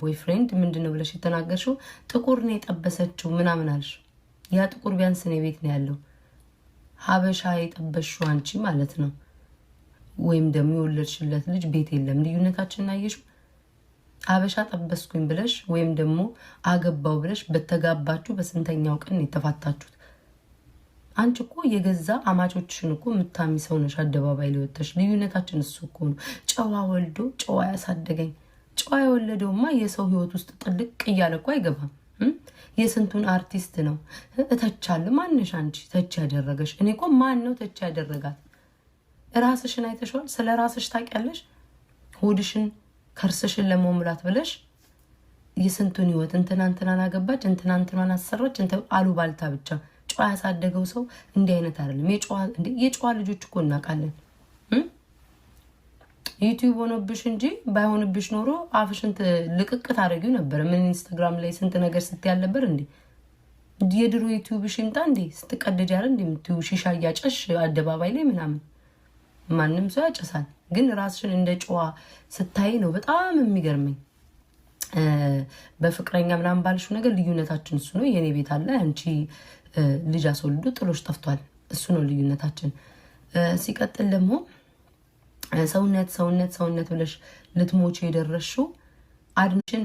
ቦይፍሬንድ ምንድን ነው ብለሽ የተናገርሽው? ጥቁር ነው የጠበሰችው ምናምን አልሽ። ያ ጥቁር ቢያንስ እኔ ቤት ነው ያለው። ሀበሻ የጠበሽው አንቺ ማለት ነው፣ ወይም ደግሞ የወለድሽለት ልጅ ቤት የለም። ልዩነታችን አየሽው? ሀበሻ ጠበስኩኝ ብለሽ ወይም ደግሞ አገባው ብለሽ በተጋባችሁ በስንተኛው ቀን የተፋታችሁት? አንቺ እኮ የገዛ አማቾችሽን እኮ የምታሚ ሰው ነሽ። አደባባይ ሊወተሽ ልዩነታችን እሱ እኮ ነው። ጨዋ ወልዶ ጨዋ ያሳደገኝ ጨዋ የወለደውማ የሰው ህይወት ውስጥ ጥልቅ እያለ እኮ አይገባም። የስንቱን አርቲስት ነው እተቻለሁ። ማነሽ አንቺ ተች ያደረገሽ? እኔ እኮ ማን ነው ተች ያደረጋት? ራስሽን አይተሸዋል? ስለ ራስሽ ታውቂያለሽ? ሆድሽን ከርስሽን ለመሙላት ብለሽ የስንቱን ህይወት እንትና እንትናን አገባች፣ እንትና እንትኗን አሰራች፣ አሉባልታ ብቻ። ጨዋ ያሳደገው ሰው እንዲህ አይነት አይደለም። የጨዋ ልጆች እኮ እናውቃለን። ዩቲዩብ ሆኖብሽ እንጂ ባይሆንብሽ ኖሮ አፍሽን ልቅቅት ታደረጊው ነበር። ምን ኢንስታግራም ላይ ስንት ነገር ስትያል ነበር እንዴ? የድሮ ዩቲዩብሽ ሽምጣ እንዴ? ስትቀደድ ያለ እንዴ የምትይው ሺሻ እያጨሽ አደባባይ ላይ ምናምን። ማንም ሰው ያጨሳል፣ ግን ራስሽን እንደ ጨዋ ስታይ ነው በጣም የሚገርመኝ። በፍቅረኛ ምናምን ባልሽው ነገር ልዩነታችን እሱ ነው። የእኔ ቤት አለ አንቺ ልጅ አስወልዶ ጥሎሽ ጠፍቷል። እሱ ነው ልዩነታችን። ሲቀጥል ደግሞ ሰውነት ሰውነት ሰውነት ብለሽ ልትሞቹ የደረሹ አድንሽን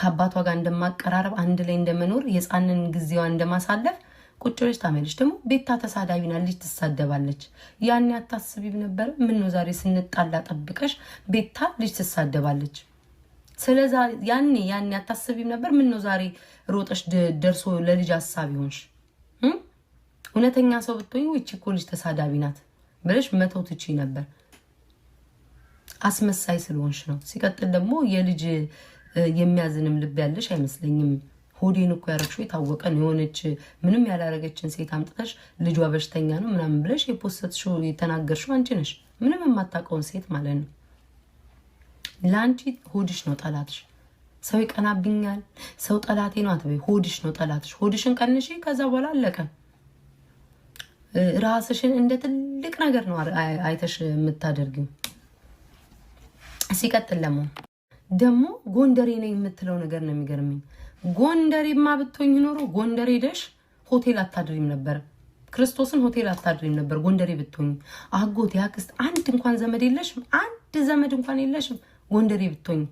ከአባቷ ጋር እንደማቀራረብ አንድ ላይ እንደመኖር የፃንን ጊዜዋ እንደማሳለፍ ቁጭ ብለሽ ደግሞ ቤታ ተሳዳቢ ናት፣ ልጅ ትሳደባለች። ያኔ አታስቢም ነበረ? ነው ዛሬ ስንጣላ ጠብቀሽ ቤታ ልጅ ትሳደባለች። ስለዛ ያኔ ያኔ አታስቢም ነበር? ነው ዛሬ ሮጠሽ ደርሶ ለልጅ ሀሳቢ ሆንሽ? እውነተኛ ሰው ብትሆኝ ይቺ እኮ ልጅ ተሳዳቢ ናት ብለሽ መተው ትችይ ነበር። አስመሳይ ስለሆንሽ ነው። ሲቀጥል ደግሞ የልጅ የሚያዝንም ልብ ያለሽ አይመስለኝም። ሆዴን እኮ ያረግሽው የታወቀ ነው። የሆነች ምንም ያላረገችን ሴት አምጥተሽ ልጇ በሽተኛ ነው ምናምን ብለሽ የፖስትሽው የተናገርሽው አንቺ ነሽ፣ ምንም የማታውቀውን ሴት ማለት ነው። ለአንቺ ሆድሽ ነው ጠላትሽ። ሰው ይቀናብኛል፣ ሰው ጠላቴ ነው አትበይ። ሆድሽ ነው ጠላትሽ። ሆድሽን ቀንሽ። ከዛ በኋላ አለቀ። ራስሽን እንደ ትልቅ ነገር ነው አይተሽ የምታደርጊው። ሲቀጥል ደግሞ ደግሞ ጎንደሬ ነው የምትለው ነገር ነው የሚገርመኝ። ጎንደሬማ ብትሆኝ ኖሮ ጎንደሬ ደሽ ሆቴል አታድሪም ነበር። ክርስቶስን ሆቴል አታድሪም ነበር ጎንደሬ ብትሆኝ። አጎት ያክስት፣ አንድ እንኳን ዘመድ የለሽም? አንድ ዘመድ እንኳን የለሽም ጎንደሬ ብትሆኝ?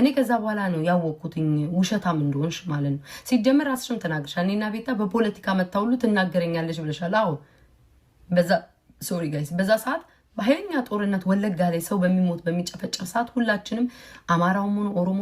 እኔ ከዛ በኋላ ነው ያወቅኩትኝ ውሸታም እንደሆንሽ ማለት ነው። ሲጀምር ራስሽም ተናግርሻል። እኔና ቤታ በፖለቲካ መታውሉ ትናገረኛለሽ ብለሻል። አዎ በዛ ሶሪ ጋይስ፣ በዛ ሰዓት በኃይለኛ ጦርነት ወለጋ ላይ ሰው በሚሞት በሚጨፈጨፍ ሰዓት ሁላችንም አማራውም ሆነ ኦሮሞ